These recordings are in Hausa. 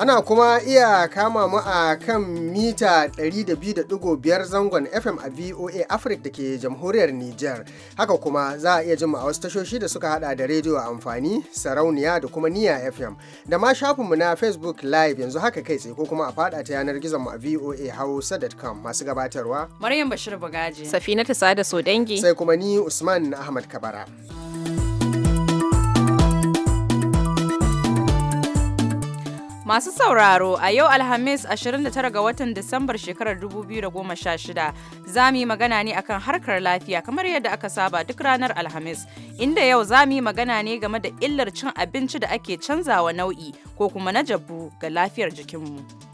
Ana kuma iya kama mu a kan mita 102.5 zangon FM a VOA Africa da ke jamhuriyar Nijar. Haka kuma za a iya jin a wasu tashoshi da suka hada da rediyo a amfani, sarauniya da kuma niya FM. Da ma shafinmu na Facebook Live yanzu haka kai tsaye ko kuma a fada ta yanar gizon mu a VOA Hausa.com masu gabatarwa. Maryam Bashir Bagaji. Safina Tasada Sodangi. Sai kuma ni Usman Ahmad Kabara. Masu sauraro a yau Alhamis 29 ga watan Disambar shekarar 2016 za mu yi magana ne akan harkar lafiya kamar yadda aka saba duk ranar Alhamis inda yau za mu yi magana ne game da illar cin abinci da ake canzawa nau'i ko kuma na jabbu ga lafiyar jikinmu.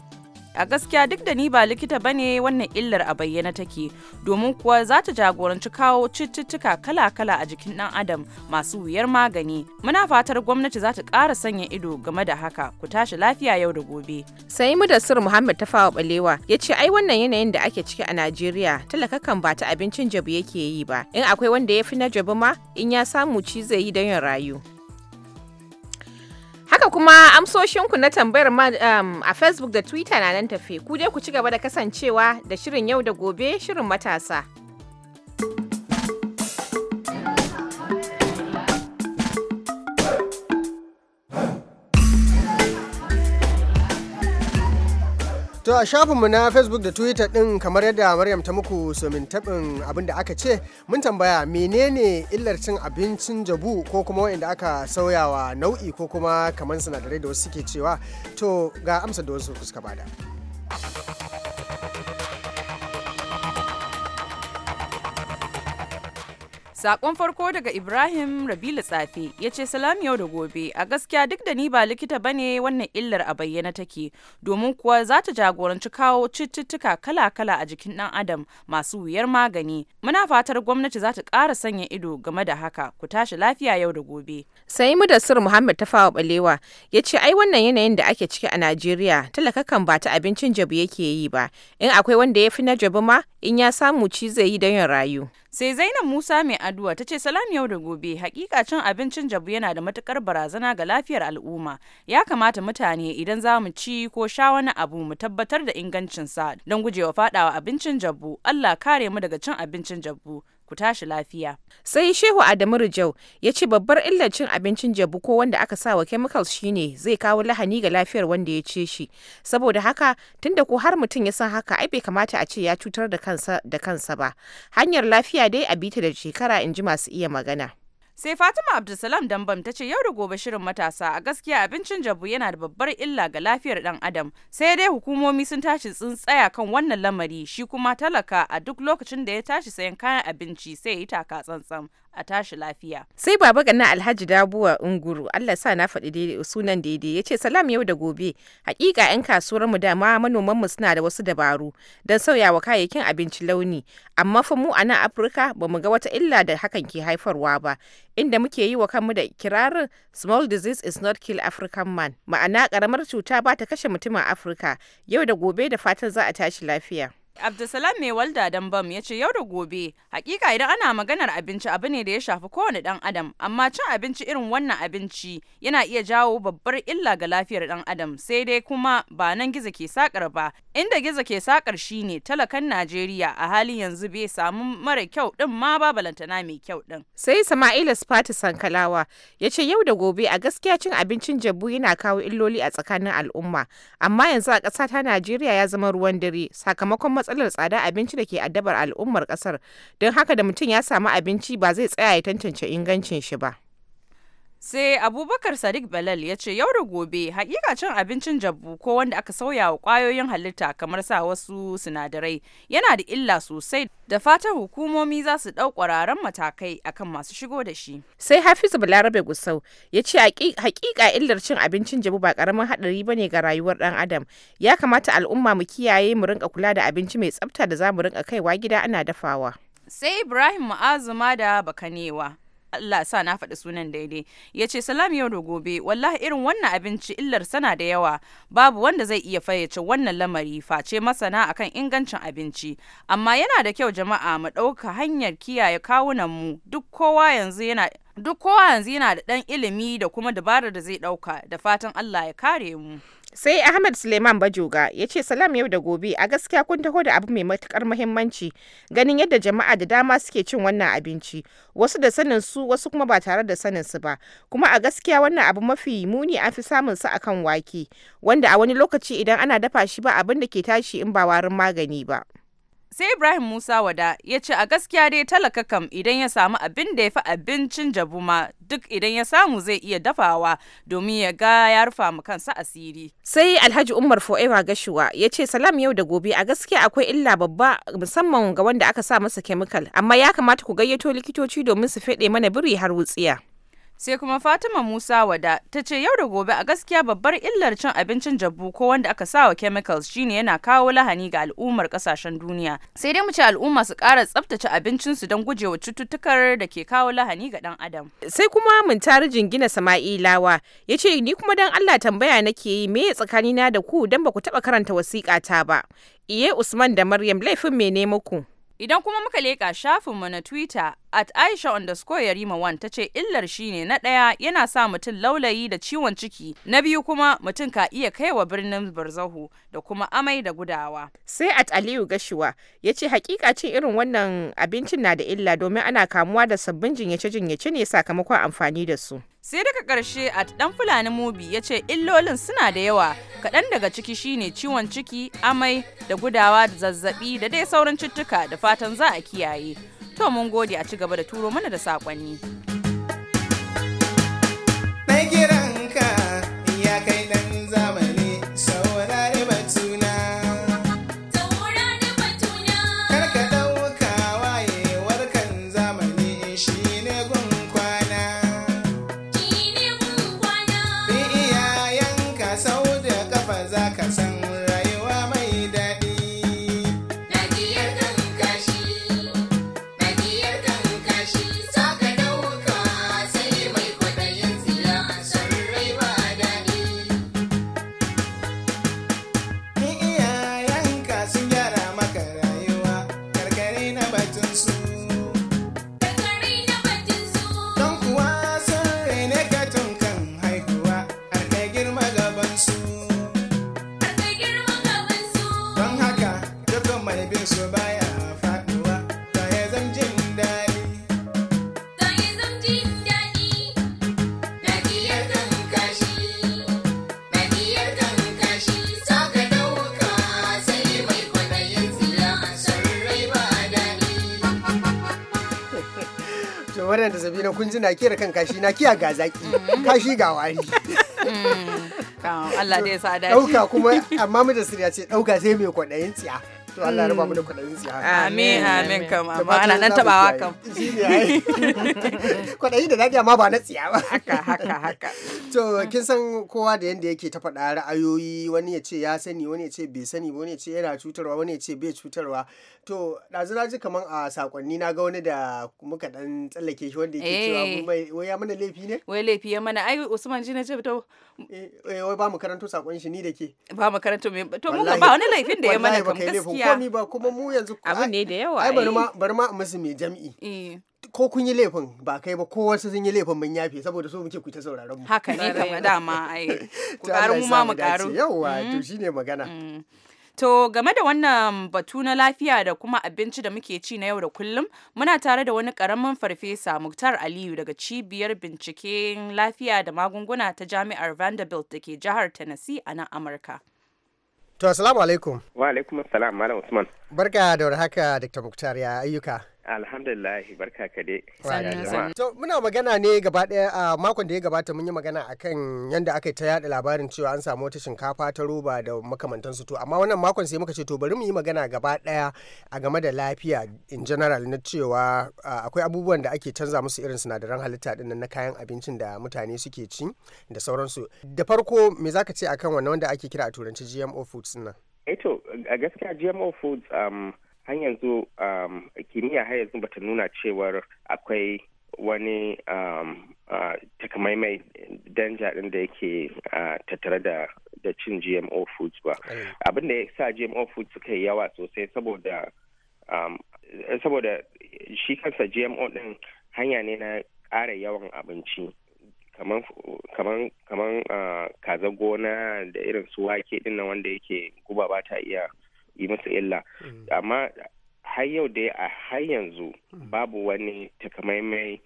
a gaskiya duk da ni ba likita bane wannan illar a bayyana take domin kuwa za ta jagoranci kawo cututtuka kala-kala a jikin dan adam masu wuyar magani muna fatar gwamnati za ta ƙara sanya ido game da haka ku tashi lafiya yau da gobe sai mu da sir muhammad tafawa balewa ya ce ai wannan yanayin da ake ciki a najeriya talakakan ba ta abincin jabu yake yi ba in akwai wanda ya fi na jabi ma in ya samu ci zai yi don yin rayu Haka kuma amsoshinku na tambayar um, a Facebook da Twitter na nan tafe. Ku dai ku ci gaba da kasancewa da shirin yau da gobe shirin matasa. To a shafin mu na Facebook da Twitter ɗin kamar yadda Maryam ta muku somin taɓin abin da aka ce mun tambaya menene illar cin abincin jabu ko kuma wa'inda aka sauyawa nau'i ko kuma kamar sinadarai da wasu suke cewa to ga amsa da wasu suka bada. Sakon farko daga Ibrahim Rabilu Tsafi ya ce salam yau da gobe a gaskiya duk da ni ba likita bane wannan illar a bayyana take domin kuwa za ta jagoranci kawo cututtuka kala-kala a jikin dan adam masu wuyar magani. Muna fatar gwamnati za ta ƙara sanya ido game da haka ku tashi lafiya yau da gobe. sai mudassir muhammad tafawa balewa ya ce ai wannan yanayin da ake ciki a najeriya talakakan ba ta abincin jabu yake yi ba in akwai wanda ya fi na jabu ma in ya samu ci zai yi don yin rayu sai zainab musa mai aduwa ta ce salam yau da gobe hakika cin abincin jabu yana da matukar barazana ga lafiyar al'umma ya kamata mutane idan za mu ci ko sha wani abu mu tabbatar da ingancinsa don gujewa fadawa abincin jabu allah kare mu daga cin abincin jabu ku tashi lafiya. Sai Shehu Adamu Rijau ya ce babbar illar cin abincin jabu ko wanda aka sa wa chemicals shine zai kawo lahani ga lafiyar wanda ya ce shi. Saboda haka tunda ko har mutum ya san haka ai bai kamata a ce ya cutar da kansa da kansa ba. Hanyar lafiya dai a bita da shekara in ji masu iya magana. Sai Fatima Abdulsalam Dambam ta ce yau da gobe shirin matasa a gaskiya abincin jabu yana da babbar illa ga lafiyar dan adam. Sai dai hukumomi sun tashi sun tsaya kan wannan lamari shi kuma talaka a duk lokacin da ya tashi sayan kayan abinci sai ya yi taka tsantsan. a tashi lafiya. Sai baba ganna Alhaji Dabuwa Unguru Allah sa na faɗi daidai sunan daidai ya ce salam yau da gobe hakika 'yan kasuwar mu da ma manoman mu suna da wasu dabaru don sauyawa kayayyakin abinci launi amma fa mu a nan Afirka ba mu ga wata illa da hakan ke haifarwa ba inda muke yi wa kanmu da kirarin small disease is not kill African man ma'ana karamar cuta ba ta kashe mutumin Afirka yau da gobe da fatan za a tashi lafiya. Abdulsalam mai walda bam ya ce yau da gobe hakika idan ana maganar abinci abu ne da ya shafi kowane dan adam amma cin abinci irin wannan abinci yana iya jawo babbar illa ga lafiyar dan adam sai dai kuma ba nan gizo ke sakar ba inda gizo ke sakar shine talakan Najeriya a halin yanzu bai samu mara kyau din ma ba balantana mai kyau din. Sai Sama'ila Sifatu Sankalawa ya ce yau da gobe a gaskiya cin abincin jabu yana kawo illoli a tsakanin al'umma amma yanzu a ƙasa ta Najeriya ya zama ruwan dare sakamakon matsalar tsada abinci da ke addabar al'ummar kasar don haka da mutum ya samu abinci ba zai tsaya ya tantance ingancin shi ba. sai abubakar sadiq balal ya ce yau da gobe hakika cin abincin jabbu ko wanda aka sauya wa kwayoyin halitta kamar sa wasu sinadarai yana da illa sosai da fatan hukumomi za su ɗau kwararren matakai akan masu shigo da shi sai hafizu balarabe gusau ya ce hakika illar cin abincin jabu ba karamin haɗari bane ga rayuwar ɗan adam ya kamata al'umma mu kiyaye mu rinka kula da abinci mai tsafta da za mu rinka kaiwa gida ana dafawa sai ibrahim ma'azuma da bakanewa Allah sa na faɗi sunan daidai ya ce salam yau da gobe wallahi irin wannan abinci illar sana da yawa babu wanda zai iya fayyace wannan lamari face masana akan ingancin abinci amma yana da kyau jama'a mu ɗauka hanyar kiyaye kawunan mu duk kowa yanzu yana duk kowa yanzu yana da ɗan ilimi da kuma dabarar da zai ɗauka da fatan Allah ya kare mu. sai ahmad suleiman bajoga ya ce salam yau da gobe a gaskiya kun taho da abu mai matukar muhimmanci ganin yadda jama'a da dama suke cin wannan abinci wasu da sanin su wasu kuma ba tare da sanin su ba kuma a gaskiya wannan abu mafi muni an fi samun su a kan wake wanda a wani lokaci idan ana dafa shi ba abin da ke tashi in ba warin magani ba sai ibrahim musa wada ya ce a gaskiya dai talaka kam idan ya samu abin da ya fi abincin jabuma duk idan ya samu zai iya dafawa domin ya ga ya rufa mu kansa asiri sai alhaji umar forever gashuwa ya ce salam yau da gobe a gaskiya akwai illa babba musamman ga wanda aka sa masa kemikal amma ya kamata ku gayyato likitoci domin su fede mana biri har wutsiya sai kuma fatima musa wada ta ce yau da gobe a gaskiya babbar illar cin abincin jabu ko wanda aka sawa chemicals shine yana kawo lahani ga al'ummar kasashen duniya sai dai mu ce al'umma su kara tsabtace abincinsu don gujewa cututtukar da ke kawo lahani ga dan adam sai kuma mun tari jingina sama'ilawa ya ce ni kuma dan allah tambaya nake yi me tsakanina da ku dan ba ku taba karanta wasiƙa ba iye usman da maryam laifin me ne muku Idan kuma muka leƙa shafinmu na Twitter at Aisha underscore Yarima one ta ce illar shi ne na ɗaya yana sa mutum laulayi da ciwon ciki, na biyu kuma mutum ka iya kai wa birnin barzahu da kuma amai da gudawa. Sai at Aliyu Gashuwa ya ce hakika cin irin wannan abincin na da illa domin ana kamuwa da sabbin jinyace-jinyace ne sakamakon amfani da su. sai daga ƙarshe a ɗan fulani mubi ya ce illolin suna da yawa kaɗan daga ciki shine ciwon ciki amai da gudawa da zazzabi da dai sauran cututtuka da fatan za a kiyaye to mun gode a ci gaba da turo mana da saƙonni. ya kai zamani. wannan da na kun ji na kira kan kashi na kiya ga zaki mm-hmm. kashi ga wari mm-hmm. Allah dai sa dauka kuma amma mu da sirya ce dauka sai mai kwaɗayin tsiya to Allah ya raba mu da kwaɗayin tsiya amin amin kama amma ana nan wa kam kwaɗayi da daɗi amma ba na tsiya ba haka haka haka to kin san kowa da yanda yake ta faɗa ra'ayoyi wani ya ce ya sani wani ya ce bai sani wani ya ce yana cutarwa wani ya ce bai cutarwa to ɗazu na ji kaman a sakonni na ga wani da muka ɗan tsallake shi wanda yake cewa eh. wai ya mana laifi ne wai laifi ya mana ai Usman ji na ce to eh, eh, wai ba mu karanto sakon shi ni da ke ba mu karanto to mu ba wani laifin da ya mana kam gaskiya komi ba kuma mu yanzu abu ne da yawa ai bari ma eh. bari ma musu mai jam'i eh. ko kun yi laifin ba kai ba ko wasu sun yi laifin mun yafe saboda so muke ku ta sauraron mu haka ne kama dama ai ku karu mu ma mu karu yawa to mm-hmm. shine magana mm. To game da wannan batu na lafiya da kuma abinci da muke ci na yau da kullum muna tare da wani karamin farfesa Muktar Aliyu daga cibiyar binciken lafiya da magunguna ta jami'ar Vanderbilt da ke jihar Tennessee a nan Amurka. To assalamu alaikum. Wa alaikum assalam Malam Usman. Barka da warhaka Dr. Muktar ya ayyuka. alhamdulillah barka ka dai muna magana ne gaba daya a makon da ya gabata mun yi magana akan yadda aka ta yada labarin cewa an samu wata shinkafa ta roba da makamantan to amma wannan makon sai muka ce to bari mu yi magana gaba daya a game da lafiya in general na cewa akwai abubuwan da ake canza musu irin sinadaran halitta din na kayan abincin da mutane suke ci da sauransu da farko me zaka ce akan wannan wanda ake kira a turanci GMO foods nan eh to gaskiya GMO foods um, har yanzu um, kimiyya har yanzu bata nuna cewar akwai wani um, uh, takamaimai danja ɗin da yake uh, tattare da da cin gmo foods ba abin da ya sa gmo foods suka yi yawa sosai saboda um, saboda shi kansa gmo ɗin hanya ne na ƙara yawan abinci kamar uh, kaza gona da irin su wake din wanda yake guba ba ta iya yi masa illa mm. amma har yau dai a har yanzu mm. babu wani takamaimai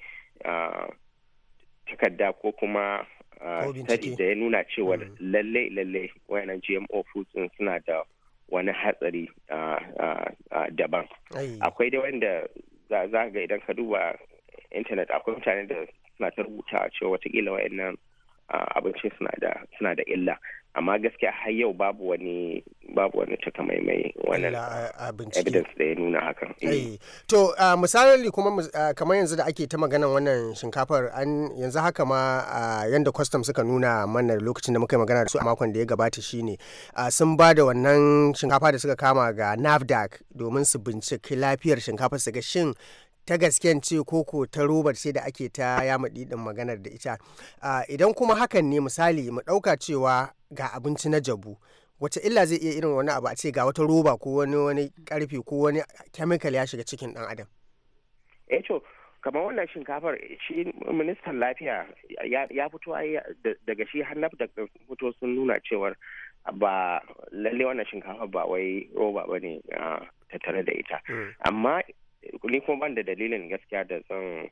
takarda ko kuma study da ya nuna cewa mm. lallai lallai wayanan gmo foods suna da wani hatsari daban akwai dai wanda za ga idan ka duba intanet akwai mutane da suna ta rubuta cewa watakila wayannan abincin suna da illa amma gaskiya har yau babu wani babu wani mai wannan evidence da ya nuna hakan eh. to misali kuma kamar yanzu da ake ta maganan wannan shinkafar an yanzu haka ma yanda custom suka nuna mana lokacin da muka yi magana da su a makon da ya gabata shine sun ba da wannan shinkafa da suka kama ga nafdac domin su binciki lafiyar shinkafar su ga shin ta gasken ce koko ta robar ce da ake ta yama didin maganar da ita idan kuma hakan ne misali mu ɗauka cewa ga abinci na jabu wace illa zai iya irin wani abu a ce ga wata roba ko wani wani karfe ko wani chemical ya shiga cikin dan adam eh to kamar wannan shinkafar shi ministan lafiya ya fito daga shi har da fito sun nuna cewar ba lalle wannan shinkafar ba wai roba ba ne ah, tattare da ita hmm. amma ni kuma ban da dalilin gaskiya da zan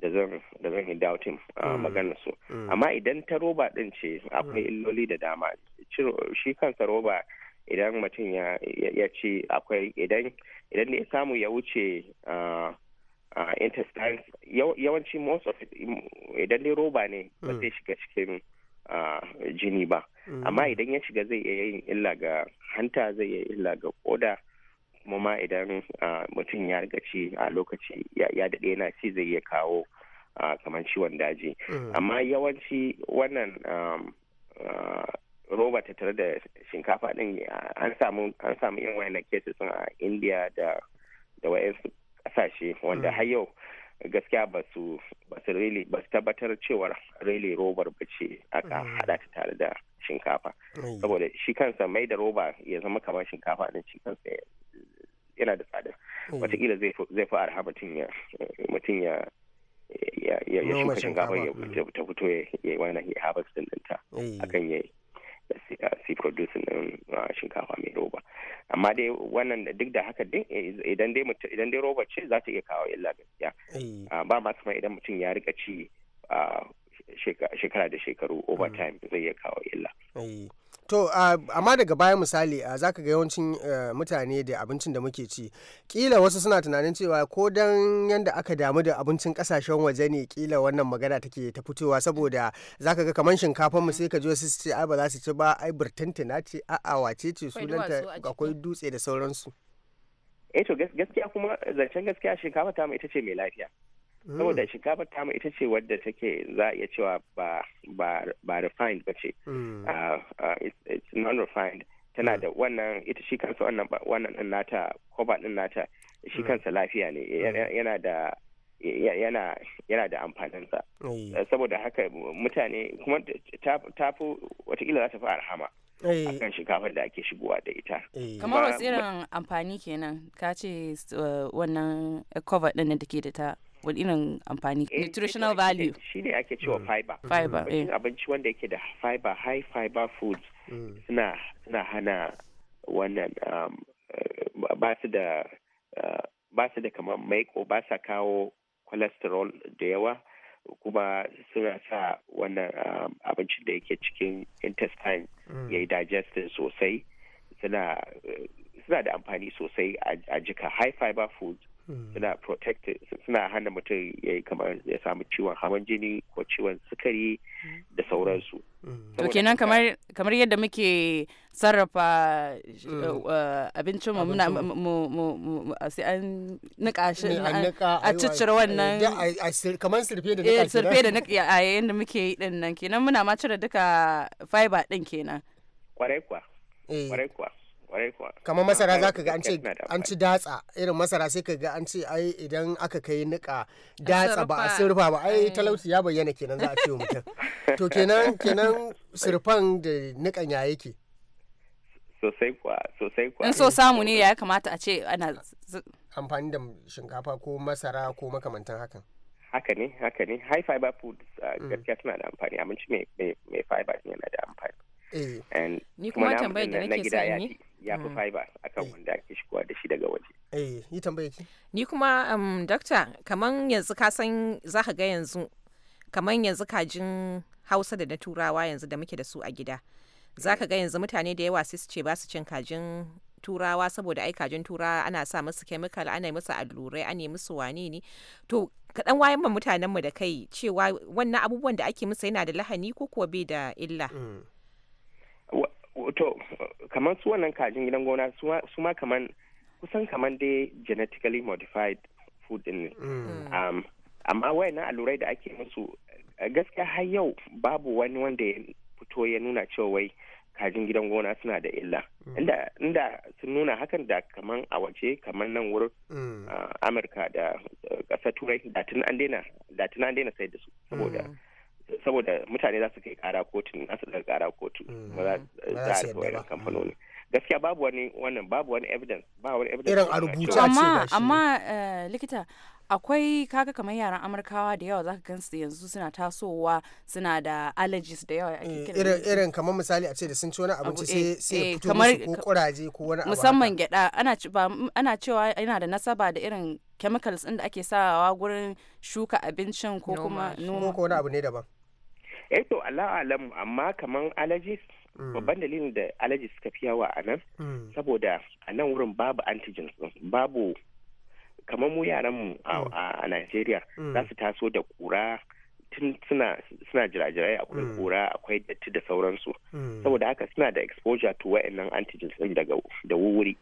da zan da zan hindawo tim uh, mm. maganar su mm. amma idan ta roba din ce akwai mm. illoli da dama shi kansa roba idan mutum ya ce akwai idan idan ya samu ya wuce uh, uh, intestines yawanci most of idan ne roba ne ba zai shiga cikin jini ba amma idan ya shiga zai iya yin illa ga hanta zai yi illa ga koda kuma ma idan mutum ya riga ci a lokaci ya daɗe yana ci zai iya kawo kamar ciwon daji mm. amma yawanci wannan roba ta tare da shinkafa ɗin an samu yan samu yin wayan a india da da wayansu ƙasashe wanda mm. har yau gaskiya ba su ba tabbatar cewar really robar ba ce aka mm. hada ta tare da shinkafa saboda shi kansa mai da roba ya zama kamar shinkafa ɗin shi kansa yana da tsada hmm. wataƙila zai fi arha mutum ya ya shuka shinkafa ya ta fito ya yi wani harvest din ta hmm. akan ya si produce din ah, shinkafa mai roba amma dai wannan duk da haka din eh, idan dai idan roba ce za ta iya kawo illa gaskiya hmm. ah, ba ma kuma idan mutum ya rika ci ah, shekara da shekaru over time zai iya kawo illa To uh, amma daga baya misali uh, zaka ga yawancin uh, mutane da abincin da muke ci kila wasu suna tunanin cewa ko dan yanda aka damu da abincin kasashen waje ne kila wannan magana take ta fitowa saboda zaka ga kamar shinkafan mu sai ka ji wasu ce ai ba za su ci ba ai na ce a'a wace ce sunanta akwai dutse da sauransu. Eh to gaskiya kuma zancen gaskiya shinkafa ta ita ce mai lafiya. saboda mm. shinkafa tamu ita ce wadda take za a iya cewa ba refined ba ce mm. ah, ah, it's non-refined tana mm. da wannan ita shi kansa wannan din nata koba din nata shi kansa lafiya ne yana da yana yana da amfaninsa eh, saboda haka mutane kuma ta tafi watakila za ta fi arhama akan shinkafar da ake shigowa da ita. Kamar wasu irin amfani kenan ka ce eh, wannan cover din da take da ta wani irin amfani eh, nutritional value shi ne ake cewa mm. fiber fiber mm. Eh. abinci wanda yake da fiber high fiber foods mm. suna hana wannan um, eh, ba su da uh, ba su da kamar maiko ba sa kawo cholesterol da yawa kuma suna sa wannan um, abincin da yake cikin intestine ya yi digesting sosai suna da amfani sosai a jika high fiber foods Mm. suna protected suna hana mutum ya yi kamar ya samu ciwon hawan jini ko ciwon sukari da mm. sauransu. Mm. To kenan kamar yadda muke sarrafa uh, uh, abincin mu sai an nika shi a ciccire wannan kamar sirfe da nika eh, sirfe da nika a yayin da muke yi din nan kenan muna ma cire duka fiber din kenan. Kwarai kwa. Eh. Kwarai kwa. kamar masara za ka ga an ci datsa irin masara sai ka ga an ce ai idan aka kai nika datsa ba a sirfa ba ai eh. talauci ya bayyana kenan za a ce mutum to kenan kenan sirfan da nikan ya yake sosai kuwa sosai in so samu ne ya kamata a ce ana amfani da shinkafa ko masara ko makamantan hakan haka ne haka ne high fiber foods ah, mm. gaskiya tana da amfani abinci mai fiber yana da amfani Eh. ni kuma tambayar da nake sa ya fi mm. fiber akan eh. wanda ake shigowa da shi daga waje eh, ni kuma um, doctor kaman yanzu ka san zaka ga yanzu kaman yanzu kajin Hausa da na Turawa yanzu da muke da su a gida zaka ga yanzu mutane da yawa sai su ce ba su cin kajin turawa saboda ai kajin turawa ana sa musu chemical ana musu allurai ana musu wane ne to kaɗan wayan ma mutanen mu da kai cewa wannan abubuwan da ake musu yana da lahani ko kuwa bai da illa mm. to kamar su wannan kajin gidan gona su ma kamar kusan kamar dai genetically modified food din ne mm. um, amma wayannan allurai da ake musu gaskiya har yau babu wani wanda ya fito ya nuna cewa wai kajin gidan gona suna da illa mm. inda sun nuna hakan da kaman a waje kaman nan wurin mm. uh, amurka da uh, ƙasar turai da an daina sai da su saboda saboda mutane za su kai kara kotu na su kara kotu ba za a rufe kamfanoni gaskiya babu wani wannan babu wani evidence ba wani evidence irin a rubuce amma amma eh, likita akwai kaga kamar yaran amurkawa da yawa zaka gansu yanzu suna tasowa suna da allergies da yawa eh, irin irin kamar misali a ce da sun ci wani abinci sai eh, sai fito musu ko kuraje ko wani abu musamman gyada ana ana cewa yana da nasaba da irin chemicals din da ake sawa gurin shuka abincin ko kuma noma ko wani abu ne daban eh to Allah alam amma kamar allergies Mm. babban dalilin da alaji suka fi yawa a nan mm. saboda a nan wurin babu antigen babu kamar mu yaran mu a mm. Najeriya za su taso da kura tun suna jirajirai akwai kura akwai datti da sauransu saboda haka suna da exposure to wayannan antigen din daga da wuri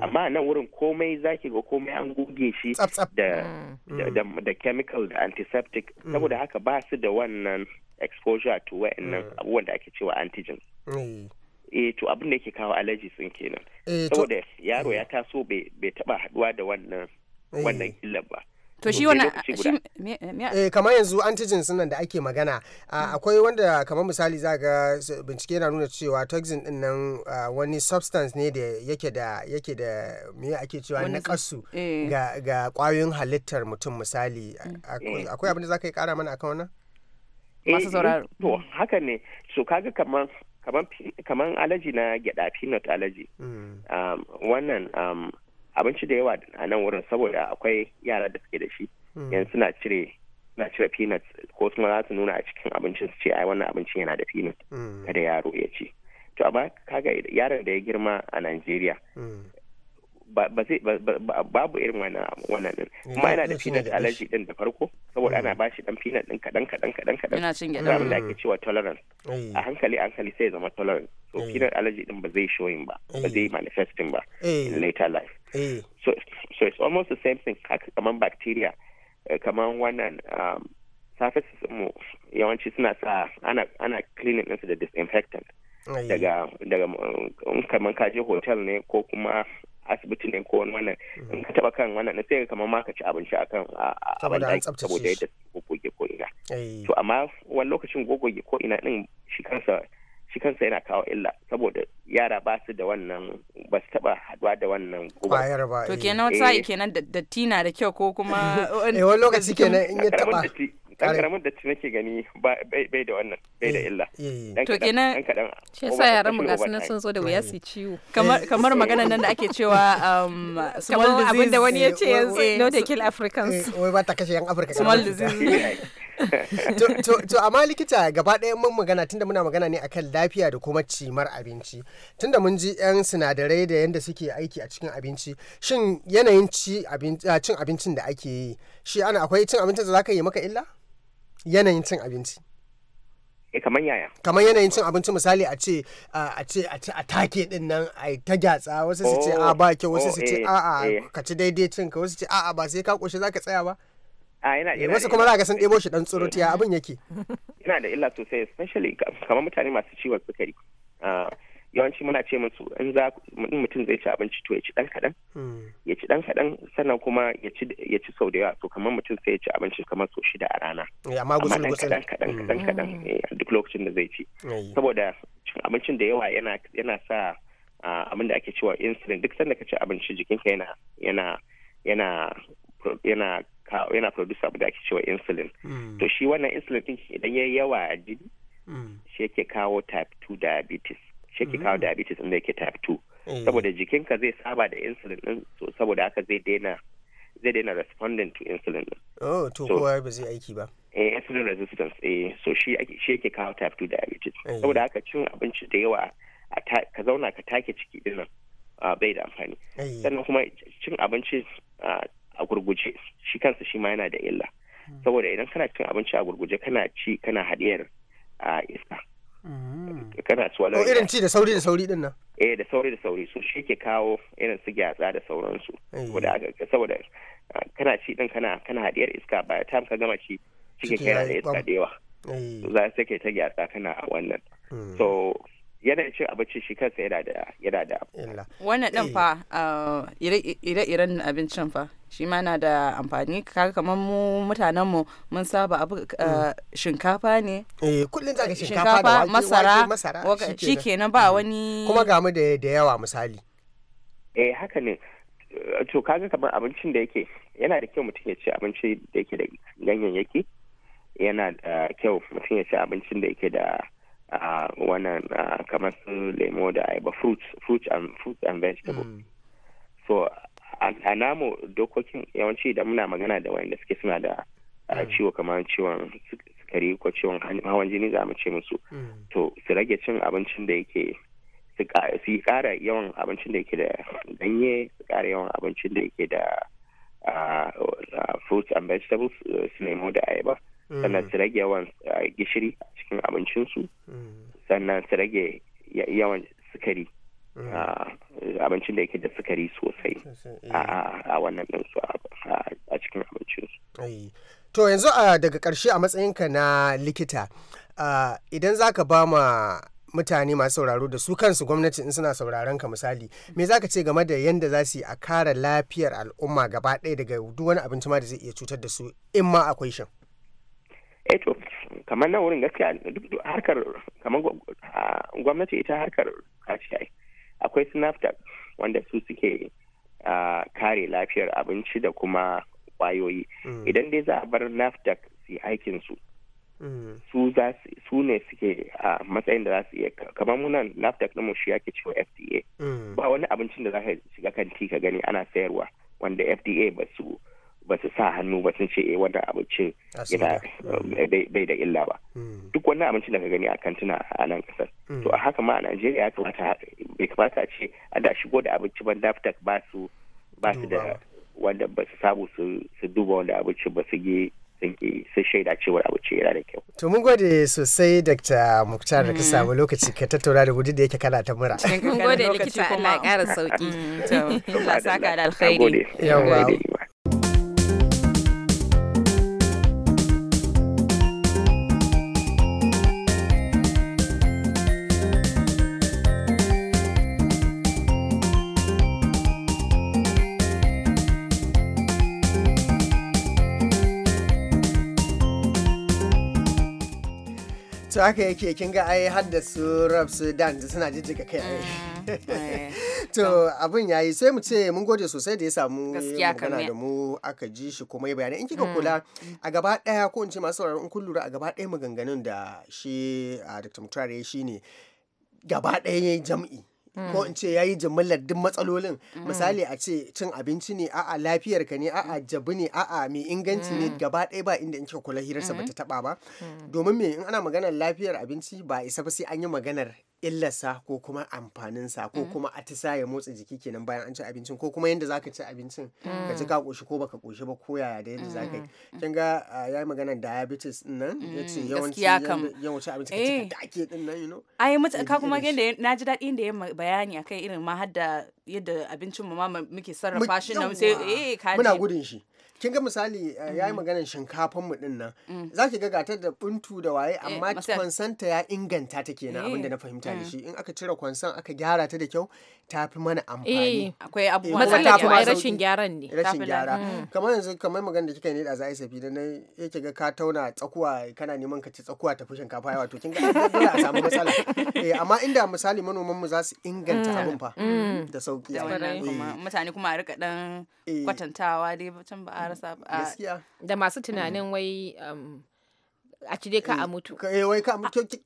amma nan wurin komai zaki ga komai an goge shi da da chemical da antiseptic saboda haka ba su da wannan exposure to wa'annan mm. abubuwan da ake cewa antigens mm. E, eh, to abin da yake kawo allergies din kenan eh, saboda yaro ya mm. taso bai taba haduwa da wannan wannan ba to shi wannan eh, eh kamar yanzu antigen sunan da ake magana akwai wanda kamar misali za ga bincike na nuna cewa toxin din nan wani substance ne da yake da yake da me ake cewa na kasu ga ga kwayoyin halittar mutum misali akwai abin da za ka yi kara mana akan wannan masu eh, sauraro to haka ne so kaga kaman kaman alaji na gyada peanut alaji mm. um, wannan um, abinci da yawa a nan wurin saboda akwai yara da suke da shi mm. yanzu suna cire suna cire peanut ko kuma za su nuna a cikin abincin su ce ai wannan abincin yana da peanut mm. kada yaro ya ci to amma kaga yaron da ya girma a Najeriya ba zai babu irin wannan wannan din kuma yana da peanut allergy din da farko saboda ana mm. bashi dan peanut din kadan kadan kadan kadan yana cin gyada da mm. ake cewa tolerance a hankali a hankali sai ya zama tolerance so mm. peanut allergy din ba zai showing ba ba zai manifesting ba in later life so so it's almost the same thing kaman bacteria eh, kaman wannan um, surfaces mu yawanci suna sa ana ana cleaning su da disinfectant daga daga kaman kaje hotel ne ko kuma asibiti ne ko wani wannan in ka taba kan wannan sai kamar ma ka ci abinci akan abin saboda yadda gogoge ko ina eh. to amma wani lokacin gogoge ko ina din shi kansa shi kansa yana kawo illa saboda yara ba su da wannan ba su taba haduwa da wannan kwayar ba to eh. kenan wata sa'i eh. kenan da tina da kyau ko kuma eh wani lokaci kenan in ya taba dan karamin da nake gani bai da wannan bai da eh, illa eh, eh. to kenan shi yasa yaran mu gasu nan sun zo da wuya su ciwo kamar magana nan da ake cewa um, small disease abin da wani ya ce yanzu no they kill africans wai ba ta kashe yan africa small disease to amma likita gaba ɗaya mun magana tunda muna magana ne akan lafiya da kuma cimar abinci tunda mun ji yan sinadarai da yanda suke aiki a cikin abinci shin yanayin ah, cin abincin da ake yi shi ana akwai cin abincin da zaka yi maka illa yanayin cin abinci eh, kamar yaya kamar yanayin cin abinci misali a ce a ce a ce a take din nan a ta gyatsa wasu su ce a ba kyau wasu su ce oh, oh, a a eh, eh. ka ci daidai cin ka wasu ce a a ba sai ka koshi zaka tsaya ba a wasu kuma zaka san ɗebo shi dan tsurutiya abin yake yana da illa sosai especially kamar mutane masu ciwon sukari ah, yawanci muna ce musu in za mutum zai ci abinci to ya ci dan kadan hmm. ya ci dan kadan sannan kuma ya ci ya ci sau da yawa to kamar mutum sai ya ci abinci kamar sau shida a rana amma gutsul gutsul kadan kadan kadan hmm. kadan hmm. eh, duk lokacin da zai ci saboda abincin da yawa yana yana sa abin da ake cewa insulin duk sanda ka ci abinci jikinka yana yana yana yana yana produce abu da ake cewa insulin to shi wannan insulin din idan yayi yawa a jini shi yake kawo type 2 diabetes shi mm. kawo diabetes inda yake type 2 mm. saboda jikinka zai saba da insulin din so saboda haka zai daina zai daina responding to insulin din oh to kowa ba zai aiki ba eh insulin resistance eh so shi shi yake kawo type 2 diabetes mm. saboda haka cin abinci da yawa ka zauna ka take ciki din nan bai da amfani sannan kuma cin abinci a gurguje shi kansa shi ma yana da illa saboda idan kana cin abinci a gurguje kana ci kana hadiyar iska kana swallow oh, irin ci da sauri da sauri din nan eh da sauri da sauri so shi ke kawo irin su gyatsa da sauransu saboda ah, kana ci din kana kana hadiyar iska ba ta ka gama ci cikin kai da iska da yawa za su ke ta gyatsa kana a wannan hmm. so yana cin abincin shi kansa yana da yana da wannan din eh. fa uh, ire-iren abincin fa shi ma na da amfani kaga kamar mu mutanen mu mun saba abu uh, mm. shinkafa ne eh kullun zaka shinkafa da masara shi kenan ba mm. wani kuma ga mu da da yawa misali eh haka ne uh, to kaga kamar abincin da yake yana da kyau mutum ya ci abinci da yake da ganyayyaki yana da kyau mutum ya ci abincin da yake da wannan kamar su lemo da ayaba fruits fruits and fruits and vegetables mm. so a namu dokokin yawanci da muna magana da wanda suke suna da mm. ciwo kamar ciwon sukari ko ciwon hawan jini za mu ce musu mm. to su rage cin abincin da yake su yi kara yawan abincin da yake da ganye su kara yawan abincin da yake da fruits and vegetables su nemo da ayaba Mm. sannan su rage yawan eh, gishiri a cikin abincinsu mm. sannan su rage yawan sukari mm. ah, abincin da yake da sukari sosai eh. a wannan ɗinsu a cikin abincinsu. To yanzu ah, daga ƙarshe a matsayinka na likita ah, idan za ka ba ma mutane masu sauraro da su kansu gwamnati in suna sauraron ka misali me za ka ce game da yadda za su yi a kare lafiyar al'umma gaba ɗaya daga duk wani abinci ma da zai iya cutar da su in ma akwai shan. eh to kamar nan wurin gaskiya duk harkar kamar gwamnati ita harkar kashi akwai snapchat wanda su suke kare lafiyar abinci da kuma kwayoyi mm. idan dai za a bar nafdac su yi aikinsu mm. su ne suke a matsayin da za su iya kamar munan nafdac na shi yake cewa fda mm. ba wani abincin da za ka shiga kanti ka gani ana sayarwa wanda fda ba su ba su sa hannu ba sun ce eh wannan abincin yana um, mm. bai da illa ba mm. duk wannan abincin da ka gani a kantuna a nan kasar mm. to a haka ma a Najeriya ya kamata bai kamata ce a da shigo da abinci ban daftar ba su ba su da wanda ba su samu su duba wanda abinci ba su yi sun shaida cewar abinci yana da kyau. To mun gode sosai Dr. Muktar da ka samu lokaci ka tattauna da gudu da yake kana ta mura. Mun gode likita Allah ya kara sauki. Allah saka da alkhairi. Yawwa. to haka yake kin ga ai har da su rap su dance suna jijjiga kai ai ah, eh. to abun yayi sai mu ce mun gode sosai da ya samu gaskiya da mu aka ji shi kuma ya bayani in kika mm. kula a gaba daya ko in ce masu sauraron in kun a gaba daya maganganun da shi ah, Dr. Mutare shine gaba daya jam'i Mm. ko in ce yayi jimillar duk matsalolin misali a ce cin abinci ne a'a lafiyar ka ne a'a jabu ne a'a mai inganci ne mm. gaba ɗaya ba inda in kika kula hirarsa ta mm. taba ba domin me in ana maganar lafiyar abinci ba isa ba sai an yi maganar illarsa ko kuma amfaninsa ko mm. kuma atisa ya motsa jiki kenan bayan an ci abincin ko kuma yadda zaka ci abincin ka ci mm. ka koshi ko baka koshi ba ko yaya da yadda zaka yi mm. kin ga ah, yayi magana diabetes din nan yace yawanci yawanci abinci ka ci eh. ake din nan you know ai mutu ka kuma yadda na ji daɗi inda yayin bayani akan irin ma hadda yadda abincin mu ma muke sarrafa shi nan sai eh ka muna gudun shi kin ga misali eh, ya yi mm-hmm. maganar shinkafan mu din nan mm. za ki ga gatar da buntu da waye eh, amma kwansanta ya inganta ta kenan abin da na eh. fahimta da mm. shi in aka cire kwansan aka gyara ta da kyau ta fi mana amfani akwai abubuwa da ta rashin gyaran ne rashin gyara mm. kamar yanzu kamar magana da kika ne da za a yi safi da nan yake ga ka tauna tsakuwa kana neman ka ci tsakuwa ta fi shinkafa yawa to kin ga dole a samu matsala eh amma inda misali manoman mu za su inganta abin fa da sauki mutane kuma a rika dan kwatantawa dai can ba da masu mm. tunanin wai um, a ci dai ka a eh, mutu eh wai ka mutu to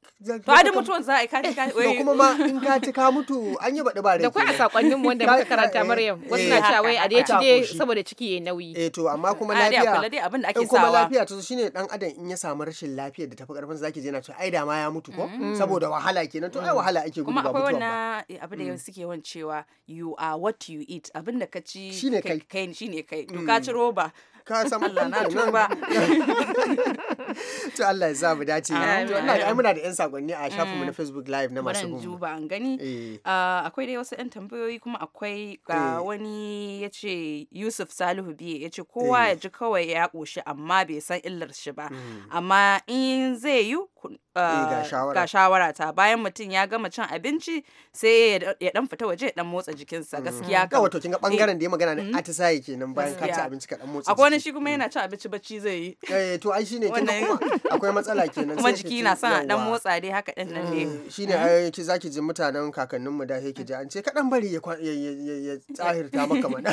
adam mutuwan za a yi ka ci ka wai kuma ma in ka ci ka mutu an yi baɗi ba da kai a sakonnin mu wanda muka karanta eh, Maryam wasu eh, na cewa wai a dai ci dai saboda ciki yayi nauyi eh to amma kuma lafiya dai abin da ake sawa kuma lafiya to shine dan adam in ya samu rashin lafiya da tafi karfin zaki je na to ai da ma ya mutu ko mm-hmm. saboda wahala kenan to ai mm. wahala ake gudu ba mutuwa kuma akwai wannan abu da mm. suke yawan cewa you are what you eat abin da ka ci shine kai shine kai to ka mm. ci roba ka san Allah na tuba to Allah ya sa mu dace to ina ga muna da yan sakonni a shafin mu na mm. Facebook live na masu gumu juba an gani eh. ah, akwai dai wasu yan tambayoyi kuma akwai ga ah, eh. wani yace Yusuf Salihu biye yace kowa eh. ya ji kawai ya koshi amma bai san illar shi ba mm. amma in zai yi ah, ga shawara ta bayan mutum ya gama cin abinci sai ya dan fita waje ya dan motsa jikinsa mm. gaskiya ka wato kinga ga bangaren da ya magana ne atisaye kenan bayan ka ci abinci ka dan motsa wani shi kuma yana ci abinci bacci zai yi eh to ai shine kuma akwai matsala kenan kuma jiki na sa dan motsa dai haka din nan ne eh, shine ai ki zaki ji mutanen kakannin mu da yake ji an ce kadan bari ya ya tsahirta maka mana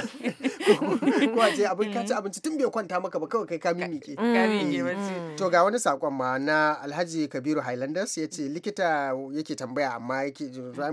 ko a ce abin ka ci abinci tun bai kwanta maka ba kawai kai ka mimike mm, mm. to ga wani sakon ma na Alhaji Kabiru Highlanders ya ce likita yake tambaya amma yake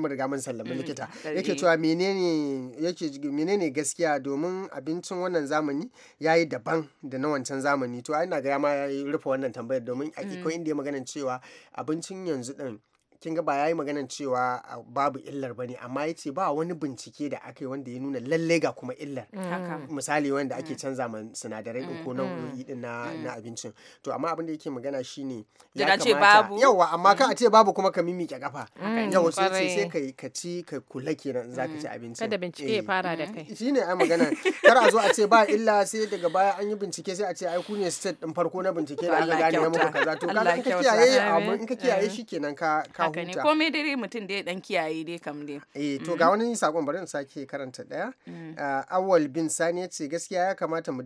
mu riga mun sallami mm, likita yake cewa menene yake menene gaskiya domin abincin wannan zamani yayi da daban da na wancan zamani to ai na ga ya ma rufe wannan tambayar domin a mm. ko inda ya maganin cewa abincin yanzu din kin ga ba yayi maganan cewa babu illar bane amma ya ce ba wani bincike da aka yi wanda ya nuna lalle ga kuma illar mm. misali wanda ake mm. canza man sinadarai din ko mm. nau'o'i din na na abincin to amma abin da yake magana shine ya kamata yawa amma ka a ce babu kuma ka mimike kafa yawa sai sai kai ka ci ka kula kenan zaka ci abincin. kada bincike ya eh. fara da kai shine ai magana kar a zo a ce ba illa sai daga baya an yi bincike sai a ce ai ku ne state din farko na bincike da aka gane muku kaza to kaga in ka kiyaye amma in ka kiyaye shikenan ka ka haka ne komai dare mutum dai dan kiyaye dai kam dai eh to mm. ga wani sakon bari in sake karanta daya mm. ah, awwal bin sani ya ce gaskiya ya kamata mu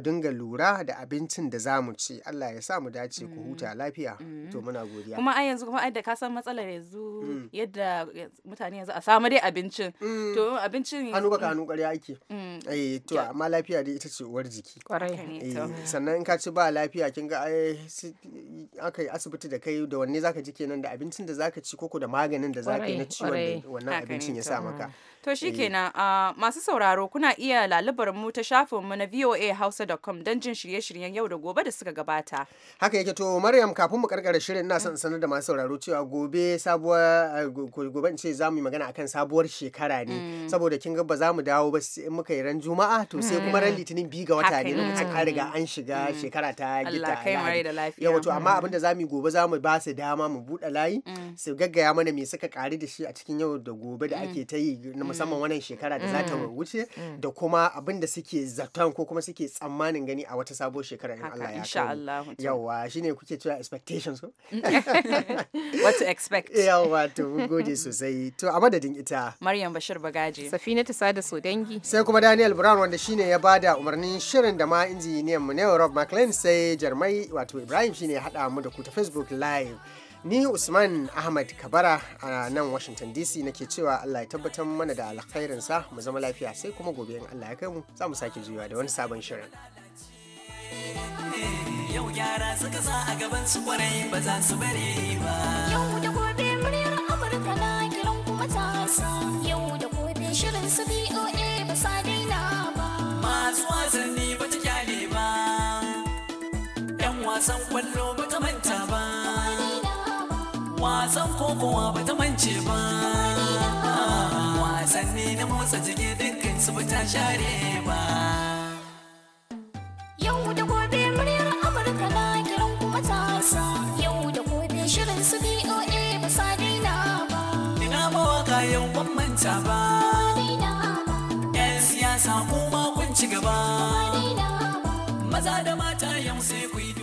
dinga lura da abincin da zamu ci Allah ya sa mu dace ku mm. huta lafiya to muna godiya kuma ai yanzu kuma ai da ka san matsalar yanzu yadda mutane yanzu a samu dai abincin to abincin hannu ka hannu ƙarya ake eh to amma lafiya dai ita ce uwar jiki kwarai eh, sannan in ka ci ba lafiya kin ga ai aka yi asibiti da kai da wanne zaka ji kenan da abincin da za ka ci koko da maganin da za ka yi na ciwon da wannan abincin ya sa mm. maka To shi eh. kenan masu sauraro kuna iya lalubar mu ta shafinmu na voahausa.com don jin shirye-shiryen yau da gobe da suka gabata. Haka yake to Maryam kafin mu karkara shirin ina son mm. sanar da masu sauraro cewa gobe sabuwar gobe ce za mu yi magana akan sabuwar shekara ne mm. saboda kin ga ba za mu dawo ba sai muka yi ran Juma'a to sai kuma ran mm. Litinin biyu ga wata ne lokacin an riga an shiga shekara ta gita. Yawa to amma abinda za mu yi gobe za mu ba su dama mu buɗe layi su gaggaya mana me suka ƙari da shi a cikin yau da gobe da ake ta yi musamman wannan shekara da za ta mm. wuce mm. da kuma abin da suke zaton ko kuma suke tsammanin gani a wata sabuwar shekara in Allah ya kai yawa shine kuke cewa expectations ko what to expect yawa to gode sosai to a madadin ita Maryam Bashir Bagaje Safina Sada so dangi. sai kuma Daniel Brown wanda shine ya bada umarnin shirin da ma injiniyan mu ne Rob McLean sai Jarmai wato Ibrahim shine ya hada mu da ku ta Facebook live ni usman ahmad kabara a nan washington dc nake cewa allah ya tabbatar mana da alkhairinsa mu zama lafiya sai kuma gobe in allah ya kai mu za mu sake juyawa da wani sabon shirin yau gyara suka sa a gaban su kwarai ba za su bari ba kowa ba ta mance ba wasanni na motsa jiki dukkan su ba ta share ba yau da gobe muryar amurka na kiran kuma ta sa yau da gobe shirin su boa ba sa daina ba ina mawaka yau ban manta ba yan siyasa kuma kun ci gaba maza da mata yau sai ku yi